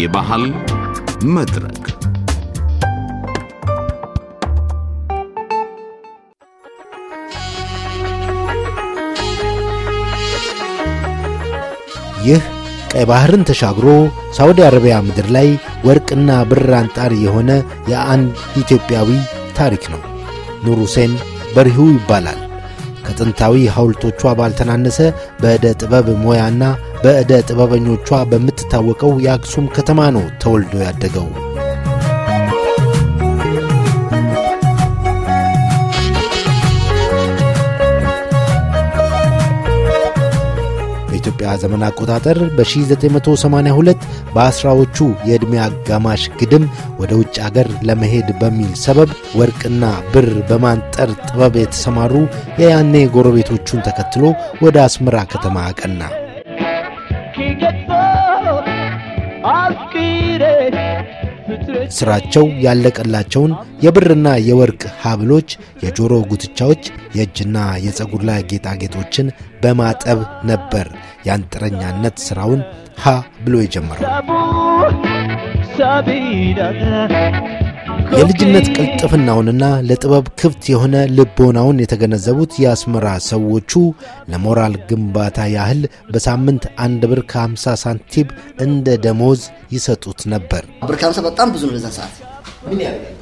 የባህል መድረክ ይህ ቀይ ባህርን ተሻግሮ ሳውዲ አረቢያ ምድር ላይ ወርቅና ብር አንጣሪ የሆነ የአንድ ኢትዮጵያዊ ታሪክ ነው። ኑር ሁሴን በርሂው ይባላል። ከጥንታዊ ሐውልቶቿ ባልተናነሰ በዕደ ጥበብ ሙያና በዕደ ጥበበኞቿ በምትታወቀው የአክሱም ከተማ ነው ተወልዶ ያደገው። የኢትዮጵያ ዘመን አቆጣጠር በ1982 በአስራዎቹ የዕድሜ አጋማሽ ግድም ወደ ውጭ አገር ለመሄድ በሚል ሰበብ ወርቅና ብር በማንጠር ጥበብ የተሰማሩ የያኔ ጎረቤቶቹን ተከትሎ ወደ አስመራ ከተማ አቀና። ስራቸው ያለቀላቸውን የብርና የወርቅ ሀብሎች፣ የጆሮ ጉትቻዎች፣ የእጅና የፀጉር ላይ ጌጣጌጦችን በማጠብ ነበር የአንጥረኛነት ስራውን ሀ ብሎ የጀመረው። የልጅነት ቅልጥፍናውንና ለጥበብ ክፍት የሆነ ልቦናውን የተገነዘቡት የአስመራ ሰዎቹ ለሞራል ግንባታ ያህል በሳምንት አንድ ብር ከ50 ሳንቲም እንደ ደሞዝ ይሰጡት ነበር። ብር ከ50 በጣም ብዙ ነው። በዛ ሰዓት ምን ያደርጋል?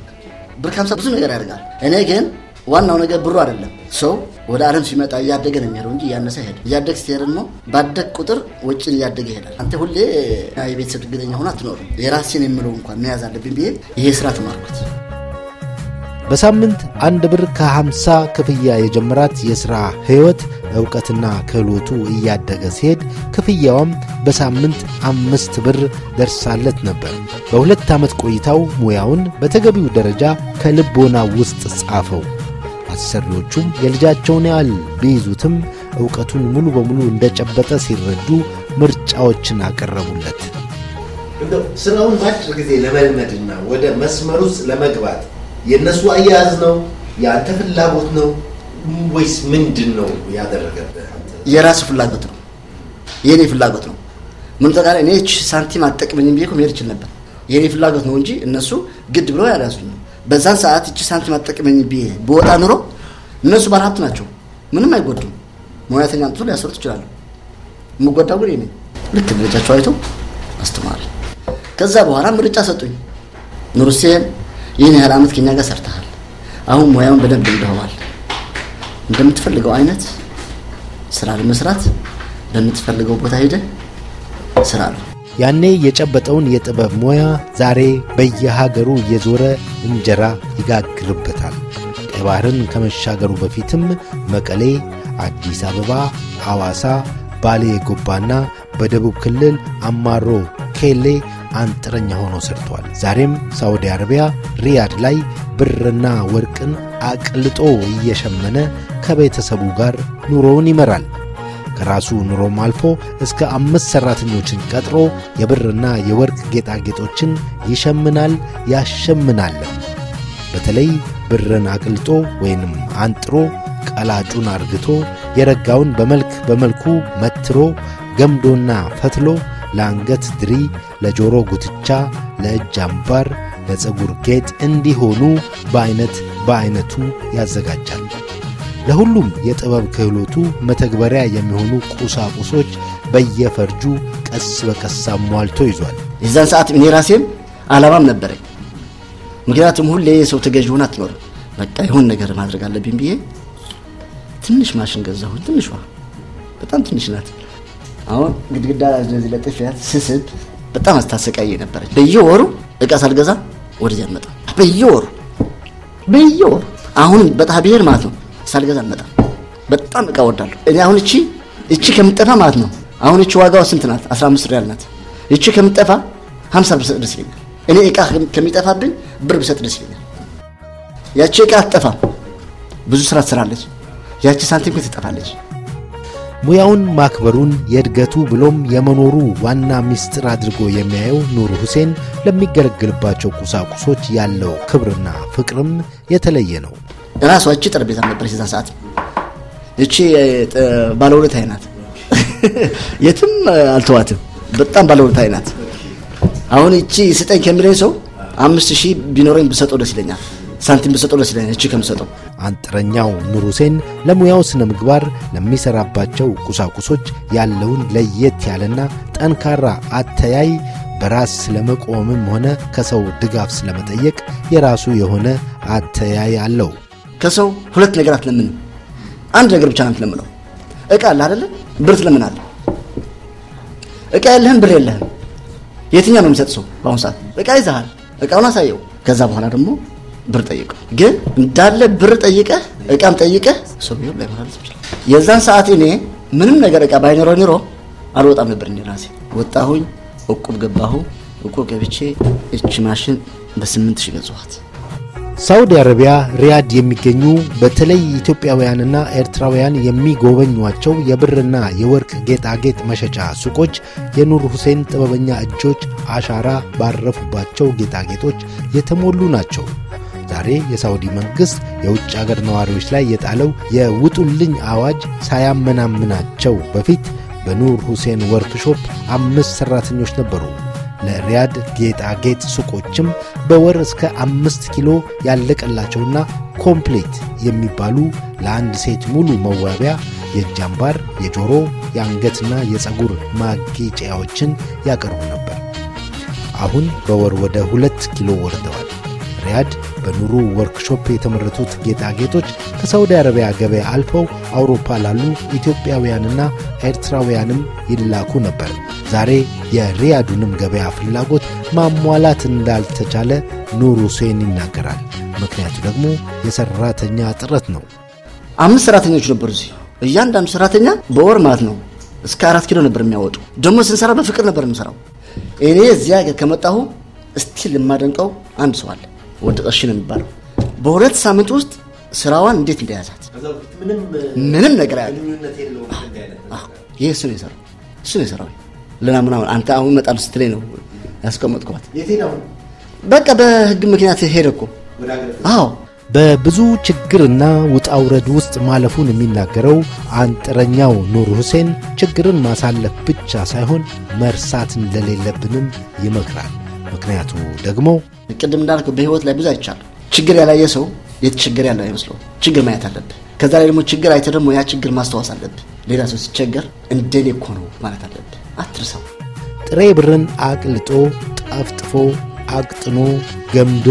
ብር ከ50 ብዙ ነገር ያደርጋል። እኔ ግን ዋናው ነገር ብሩ አይደለም። ሰው ወደ ዓለም ሲመጣ እያደገ ነው የሚሄደው እንጂ እያነሰ ሄደ እያደግ ሲሄድ ነው። ባደግ ቁጥር ወጪን እያደገ ይሄዳል። አንተ ሁሌ የቤተሰብ ድግደኛ ሆነ አትኖርም። የራሴን የምለው እንኳን መያዝ አለብኝ ብዬ ይሄ ስራ ተማርኩት። በሳምንት አንድ ብር ከ50 ክፍያ የጀመራት የሥራ ሕይወት ዕውቀትና ክህሎቱ እያደገ ሲሄድ ክፍያዋም በሳምንት አምስት ብር ደርሳለት ነበር። በሁለት ዓመት ቆይታው ሙያውን በተገቢው ደረጃ ከልቦና ውስጥ ጻፈው። አሰሪዎቹም የልጃቸውን ያህል ቢይዙትም እውቀቱን ሙሉ በሙሉ እንደጨበጠ ሲረዱ ምርጫዎችን አቀረቡለት። ስራውን በአጭር ጊዜ ለመልመድና ወደ መስመር ውስጥ ለመግባት የእነሱ አያያዝ ነው የአንተ ፍላጎት ነው ወይስ ምንድን ነው ያደረገብህ? የራሱ ፍላጎት ነው፣ የእኔ ፍላጎት ነው። ምን ጠቃላይ እኔ ሳንቲም አጠቅምኝ ብዬ እኮ መሄድ ነበር። የእኔ ፍላጎት ነው እንጂ እነሱ ግድ ብለው ያልያዙኝ በዛን ሰዓት እቺ ሳንቲም አትጠቅመኝ ብዬ በወጣ ኑሮ እነሱ ባለሀብት ናቸው፣ ምንም አይጎዱም። ሙያተኛ ንቱ ሊያሰሩት ይችላሉ። የምጎዳው ግን እኔ ልክ ደረጃቸው አይተው አስተማሪ። ከዛ በኋላ ምርጫ ሰጡኝ። ኑርሴን ይህን ያህል አመት ከኛ ጋር ሰርተሃል፣ አሁን ሙያውን በደንብ እንደዋል እንደምትፈልገው አይነት ስራ ለመስራት በምትፈልገው ቦታ ሄደ ስራ ነው ያኔ የጨበጠውን የጥበብ ሙያ ዛሬ በየሀገሩ እየዞረ እንጀራ ይጋግርበታል። ቀይ ባህርን ከመሻገሩ በፊትም መቀሌ፣ አዲስ አበባ፣ ሐዋሳ፣ ባሌ ጎባና በደቡብ ክልል አማሮ ኬሌ አንጥረኛ ሆኖ ሰርቷል። ዛሬም ሳዑዲ አረቢያ ሪያድ ላይ ብርና ወርቅን አቅልጦ እየሸመነ ከቤተሰቡ ጋር ኑሮውን ይመራል። ከራሱ ኑሮም አልፎ እስከ አምስት ሠራተኞችን ቀጥሮ የብርና የወርቅ ጌጣጌጦችን ይሸምናል ያሸምናል በተለይ ብርን አቅልጦ ወይንም አንጥሮ ቀላጩን አርግቶ የረጋውን በመልክ በመልኩ መትሮ ገምዶና ፈትሎ ለአንገት ድሪ፣ ለጆሮ ጉትቻ፣ ለእጅ አምባር፣ ለፀጉር ጌጥ እንዲሆኑ በዐይነት በዐይነቱ ያዘጋጃል። ለሁሉም የጥበብ ክህሎቱ መተግበሪያ የሚሆኑ ቁሳቁሶች በየፈርጁ ቀስ በቀስ አሟልቶ ይዟል። የዛን ሰዓት እኔ ራሴም አላማም ነበረኝ። ምክንያቱም ሁሌ የሰው ተገዥ ሆን አትኖር በቃ ይሆን ነገር ማድረግ አለብኝ ብዬ ትንሽ ማሽን ገዛሁን። ትንሿ በጣም ትንሽ ናት። አሁን ግድግዳ እንደዚህ ለጥፊያት ስስብ በጣም አስታሰቃየ ነበረች። በየወሩ እቃ ሳልገዛ ወደዚያ መጣ። በየወሩ በየወሩ አሁን በጣ ብሄር ማለት ነው ሳልገዛ አልመጣም። በጣም እቃ ወዳለሁ እኔ አሁን እቺ እቺ ከምጠፋ ማለት ነው። አሁን እቺ ዋጋው ስንት ናት? 15 ሪያል ናት። እቺ ከምጠፋ 50 ብር ሰጥ ደስ ይለኛል። እኔ እቃ ከሚጠፋብኝ ብር ብሰጥ ደስ ይለኛል። ያቺ እቃ አትጠፋም። ብዙ ስራ ትሰራለች። ያቺ ሳንቲም ግን ትጠፋለች። ሙያውን ማክበሩን የእድገቱ ብሎም የመኖሩ ዋና ምስጢር አድርጎ የሚያየው ኑር ሁሴን ለሚገለግልባቸው ቁሳቁሶች ያለው ክብርና ፍቅርም የተለየ ነው። ራሷ እቺ ጠረጴዛ ነበረች ሰዓት። እቺ ባለውለት አይናት የትም አልተዋትም። በጣም ባለውለት አይናት። አሁን እቺ ስጠኝ ከሚለኝ ሰው አምስት ሺህ ቢኖረኝ ብሰጠው ደስ ይለኛል። ሳንቲም ብሰጠው ደስ ይለኛል። እቺ ከምሰጠው አንጥረኛው ኑር ሁሴን ለሙያው ስነ ምግባር ለሚሰራባቸው ቁሳቁሶች ያለውን ለየት ያለና ጠንካራ አተያይ በራስ ስለመቆምም ሆነ ከሰው ድጋፍ ስለመጠየቅ የራሱ የሆነ አተያይ አለው። ከሰው ሁለት ነገር አትለምንም። አንድ ነገር ብቻ ነው የምትለምነው። እቃ አለ አይደለ? ብር ትለምናለህ። እቃ የለህም፣ ብር የለህም። የትኛው ነው የሚሰጥ ሰው? በአሁኑ ሰዓት እቃ ይዛል እቃውን አሳየው። ከዛ በኋላ ደግሞ ብር ጠይቀው። ግን እንዳለ ብር ጠይቀህ እቃም ጠይቀህ ሰው ቢሆን ላይ ማለት ይችላል። የዛን ሰዓት እኔ ምንም ነገር እቃ ባይኖረው ኒሮ አልወጣም ነበር። እንደ ራሴ ወጣሁኝ፣ እቁብ ገባሁ። እቁብ ገብቼ እች ማሽን በስምንት ሺህ ገጽዋት ሳውዲ አረቢያ ሪያድ የሚገኙ በተለይ ኢትዮጵያውያንና ኤርትራውያን የሚጎበኟቸው የብርና የወርቅ ጌጣጌጥ መሸጫ ሱቆች የኑር ሁሴን ጥበበኛ እጆች አሻራ ባረፉባቸው ጌጣጌጦች የተሞሉ ናቸው። ዛሬ የሳውዲ መንግሥት የውጭ አገር ነዋሪዎች ላይ የጣለው የውጡልኝ አዋጅ ሳያመናምናቸው በፊት በኑር ሁሴን ወርክሾፕ አምስት ሠራተኞች ነበሩ ለሪያድ ጌጣጌጥ ሱቆችም በወር እስከ አምስት ኪሎ ያለቀላቸውና ኮምፕሌት የሚባሉ ለአንድ ሴት ሙሉ መዋቢያ የእጅ አምባር፣ የጆሮ፣ የአንገትና የፀጉር ማጌጫዎችን ያቀርቡ ነበር። አሁን በወር ወደ ሁለት ኪሎ ወርደዋል። ሪያድ በኑሩ ወርክሾፕ የተመረቱት ጌጣጌጦች ከሳውዲ አረቢያ ገበያ አልፈው አውሮፓ ላሉ ኢትዮጵያውያንና ኤርትራውያንም ይላኩ ነበር። ዛሬ የሪያዱንም ገበያ ፍላጎት ማሟላት እንዳልተቻለ ኑር ሁሴን ይናገራል። ምክንያቱ ደግሞ የሰራተኛ ጥረት ነው። አምስት ሰራተኞች ነበሩ እዚህ። እያንዳንዱ ሰራተኛ በወር ማለት ነው እስከ አራት ኪሎ ነበር የሚያወጡ። ደግሞ ስንሰራ በፍቅር ነበር የምሰራው። እኔ እዚያ ሀገር ከመጣሁ እስቲል የማደንቀው አንድ ሰው አለ፣ ወንድ ቀሽ ነው የሚባለው። በሁለት ሳምንት ውስጥ ስራዋን እንዴት እንደያዛት ምንም ነገር ያለ ይህ እሱ ነው የሰራው እሱ ነው የሰራው ልና ምናምን አንተ አሁን መጣል ስትለኝ ነው ያስቀመጥኳት። በቃ በህግ ምክንያት ሄደ እኮ። አዎ በብዙ ችግርና ውጣውረድ ውስጥ ማለፉን የሚናገረው አንጥረኛው ኑር ሁሴን ችግርን ማሳለፍ ብቻ ሳይሆን መርሳት እንደሌለብንም ይመክራል። ምክንያቱ ደግሞ ቅድም እንዳልከው በህይወት ላይ ብዙ አይቻል። ችግር ያላየ ሰው የተቸገረ ያለው አይመስለው። ችግር ማየት አለብህ። ከዛ ላይ ደግሞ ችግር አይተ ደግሞ ያ ችግር ማስታወስ አለብህ። ሌላ ሰው ሲቸገር እንደኔ እኮ ነው ማለት አለብህ። አትርሰው ጥሬ ብርን አቅልጦ ጠፍጥፎ አቅጥኖ ገምዶ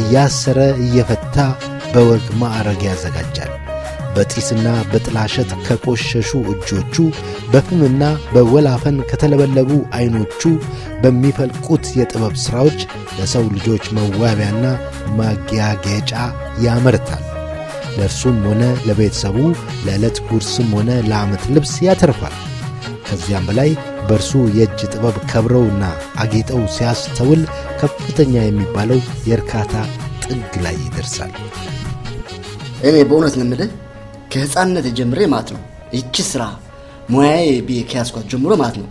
እያሰረ እየፈታ በወግ ማዕረግ ያዘጋጃል። በጢስና በጥላሸት ከቆሸሹ እጆቹ በፍምና በወላፈን ከተለበለቡ ዐይኖቹ በሚፈልቁት የጥበብ ሥራዎች ለሰው ልጆች መዋቢያና ማጊያጌጫ ያመርታል። ለእርሱም ሆነ ለቤተሰቡ ለዕለት ጉርስም ሆነ ለዓመት ልብስ ያተርፋል። ከዚያም በላይ በእርሱ የእጅ ጥበብ ከብረውና አጌጠው ሲያስተውል ከፍተኛ የሚባለው የእርካታ ጥግ ላይ ይደርሳል። እኔ በእውነት ለምልህ ከህፃንነት ጀምሬ ማለት ነው ይቺ ስራ ሙያዬ ብዬ ከያዝኳት ጀምሮ ማለት ነው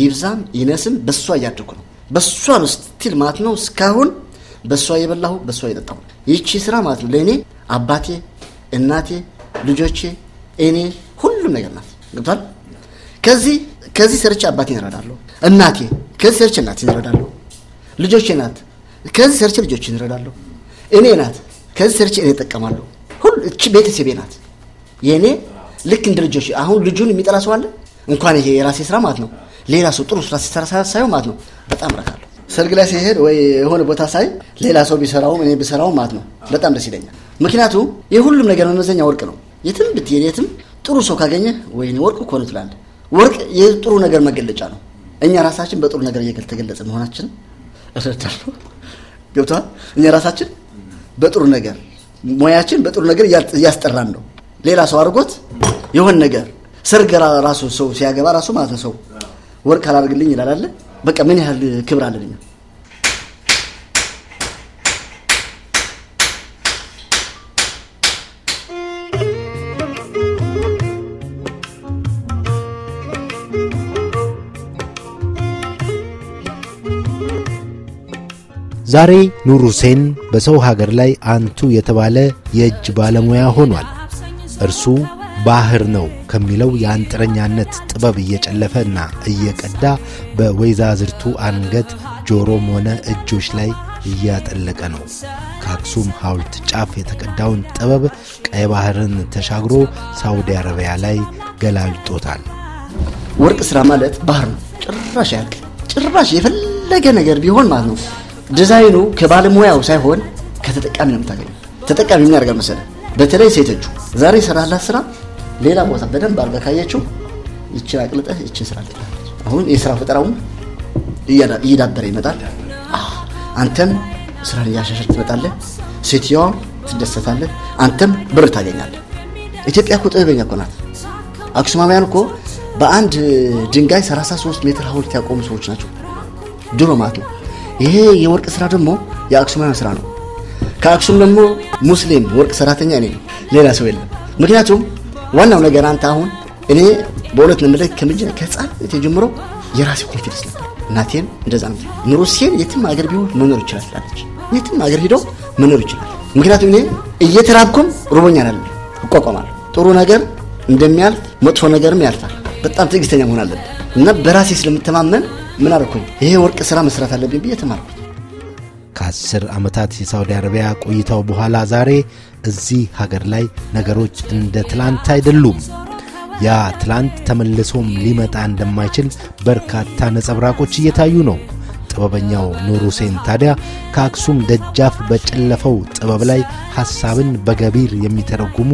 ይብዛም ይነስም በሷ እያደኩ ነው። በሷ ነው ስትል ማለት ነው እስካሁን በሷ የበላሁ በሷ የጠጣሁ ይቺ ስራ ማለት ነው ለእኔ አባቴ፣ እናቴ፣ ልጆቼ፣ እኔ ሁሉም ነገር ናት። ገብቷል። ከዚህ ከዚህ ሰርቼ አባቴን እረዳለሁ። እናቴ ከዚህ ሰርቼ እናቴን እረዳለሁ። ልጆቼ ናት ከዚህ ሰርቼ ልጆቼን እረዳለሁ። እኔ ናት ከዚህ ሰርቼ እኔ እጠቀማለሁ። ሁሉ እቺ ቤተሰቤ ናት የእኔ ልክ እንደ ልጆች። አሁን ልጁን የሚጠላ ሰው አለ? እንኳን ይሄ የራሴ ስራ ማለት ነው ሌላ ሰው ጥሩ ስራ ሲሰራ ሳይሆን ማለት ነው በጣም ረካለሁ። ሰርግ ላይ ሲሄድ ወይ የሆነ ቦታ ሳይ ሌላ ሰው ቢሰራውም እኔ ቢሰራው ማለት ነው በጣም ደስ ይለኛል። ምክንያቱም የሁሉም ነገር መመዘኛ ወርቅ ነው። የትም ብትሄድ የትም ጥሩ ሰው ካገኘ ወይኔ ወርቁ እኮ ነው ትላለህ ወርቅ የጥሩ ነገር መገለጫ ነው። እኛ ራሳችን በጥሩ ነገር እየተገለጸ መሆናችን እረዳለሁ። ገብቷል። እኛ ራሳችን በጥሩ ነገር ሙያችን በጥሩ ነገር እያስጠራን ነው። ሌላ ሰው አድርጎት የሆን ነገር ሰርግ ራሱ ሰው ሲያገባ ራሱ ማለት ነው ሰው ወርቅ አላደርግልኝ ይላል አለ። በቃ ምን ያህል ክብር አለን እኛ ዛሬ ኑር ሁሴን በሰው ሀገር ላይ አንቱ የተባለ የእጅ ባለሙያ ሆኗል። እርሱ ባህር ነው ከሚለው የአንጥረኛነት ጥበብ እየጨለፈ እና እየቀዳ በወይዛዝርቱ አንገት ጆሮም ሆነ እጆች ላይ እያጠለቀ ነው። ከአክሱም ሐውልት ጫፍ የተቀዳውን ጥበብ ቀይ ባህርን ተሻግሮ ሳውዲ አረቢያ ላይ ገላልጦታል። ወርቅ ሥራ ማለት ባህር ነው። ጭራሽ ያቅ ጭራሽ የፈለገ ነገር ቢሆን ማለት ነው ዲዛይኑ ከባለሙያው ሳይሆን ከተጠቃሚ ነው የምታገኘው። ተጠቃሚ ምን ያደርጋል መሰለ፣ በተለይ ሴቶቹ ዛሬ የሰራላት ስራ ሌላ ቦታ በደንብ አድርጋ ካየችው ይችን አቅልጠህ ይችን ስራ አሁን የስራ ፈጠራውን እየዳበረ ይመጣል። አንተም ስራን እያሻሸር ትመጣለህ። ሴትዮዋም ትደሰታለህ። አንተም ብር ታገኛለህ። ኢትዮጵያ እኮ ጥበበኛ እኮ ናት። አክሱማውያን እኮ በአንድ ድንጋይ 33 ሜትር ሐውልት ያቆሙ ሰዎች ናቸው ድሮ ማለት ነው። ይሄ የወርቅ ስራ ደግሞ የአክሱማውያን ስራ ነው። ከአክሱም ደግሞ ሙስሊም ወርቅ ሰራተኛ እኔ ነው፣ ሌላ ሰው የለም። ምክንያቱም ዋናው ነገር አንተ አሁን እኔ በእውነት ነው የምልህ ከምጀ ከህፃን ተጀምሮ የራሴ ኮንፊደንስ ነበር። እናቴን እንደዛ ነው ኑሮ ሲሄድ የትም አገር ቢሆን መኖር ይችላል ትላለች። የትም አገር ሂደው መኖር ይችላል። ምክንያቱም እኔ እየተራብኩም ሩቦኛ አለ እቋቋማለሁ። ጥሩ ነገር እንደሚያልፍ መጥፎ ነገርም ያልፋል። በጣም ትዕግስተኛ መሆን አለብን እና በራሴ ስለምተማመን ምን አልኩኝ፣ ይሄ ወርቅ ስራ መስራት አለብኝ ብዬ ተማርኩኝ። ከአስር ዓመታት የሳውዲ አረቢያ ቆይታው በኋላ ዛሬ እዚህ ሀገር ላይ ነገሮች እንደ ትላንት አይደሉም። ያ ትላንት ተመልሶም ሊመጣ እንደማይችል በርካታ ነጸብራቆች እየታዩ ነው። ጥበበኛው ኑር ሁሴን ታዲያ ከአክሱም ደጃፍ በጨለፈው ጥበብ ላይ ሐሳብን በገቢር የሚተረጉሙ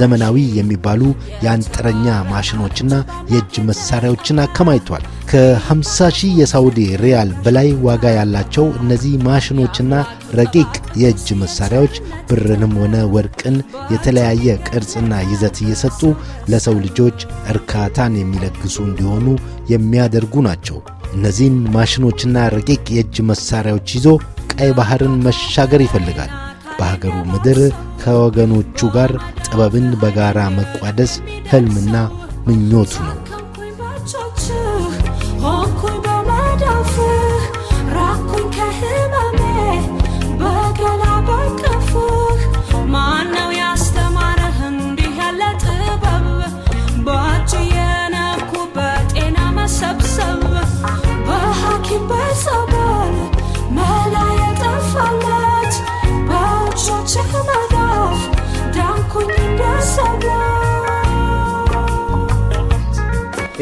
ዘመናዊ የሚባሉ የአንጥረኛ ማሽኖችና የእጅ መሳሪያዎችን አከማይቷል። ከ50 ሺህ የሳውዲ ሪያል በላይ ዋጋ ያላቸው እነዚህ ማሽኖችና ረቂቅ የእጅ መሳሪያዎች ብርንም ሆነ ወርቅን የተለያየ ቅርጽና ይዘት እየሰጡ ለሰው ልጆች እርካታን የሚለግሱ እንዲሆኑ የሚያደርጉ ናቸው። እነዚህን ማሽኖችና ረቂቅ የእጅ መሳሪያዎች ይዞ ቀይ ባህርን መሻገር ይፈልጋል። በሀገሩ ምድር ከወገኖቹ ጋር ጥበብን በጋራ መቋደስ ሕልምና ምኞቱ ነው።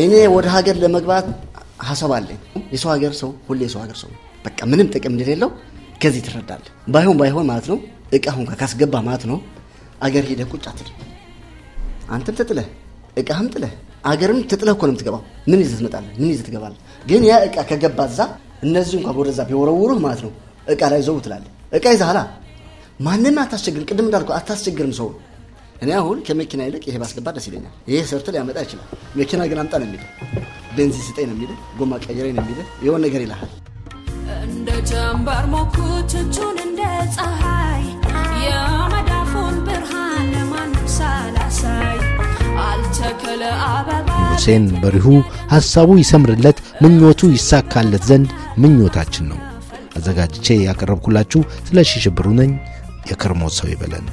እኔ ወደ ሀገር ለመግባት ሀሳብ አለኝ። የሰው ሀገር ሰው ሁሌ የሰው ሀገር ሰው በቃ ምንም ጥቅም እንደሌለው ከዚህ ትረዳል። ባይሆን ባይሆን ማለት ነው እቃሁን ካስገባ ማለት ነው አገር ሄደ ቁጭ አትል። አንተም ተጥለህ እቃህም ጥለህ አገርም ተጥለህ እኮ ነው የምትገባው። ምን ይዘህ ትመጣለህ? ምን ይዘህ ትገባለህ? ግን ያ እቃ ከገባ እዛ እነዚህ እንኳ ወደዛ ቢወረውሩህ ማለት ነው እቃ ላይ ዘው ትላለህ። እቃ ይዛህላ ማንም አታስቸግርም። ቅድም እንዳልኩ አታስቸግርም ሰው እኔ አሁን ከመኪና ይልቅ ይሄ ባስገባ ደስ ይለኛል። ይሄ ሰርቶ ሊያመጣ ይችላል። መኪና ግን አምጣ ነው የሚል ቤንዚን ስጠኝ ነው የሚለው፣ ጎማ ቀይረኝ ነው የሚል የሆን ነገር ይልሃል። እንደ ጀንበር ሞኩት እጁን እንደ ፀሐይ የመዳፉን ብርሃን ለማንም ሳላሳይ አልተከለ አበባ ሁሴን በሪሁ ሐሳቡ ይሰምርለት ምኞቱ ይሳካለት ዘንድ ምኞታችን ነው። አዘጋጅቼ ያቀረብኩላችሁ ስለ ሽብሩ ነኝ። የከርሞ ሰው ይበለን።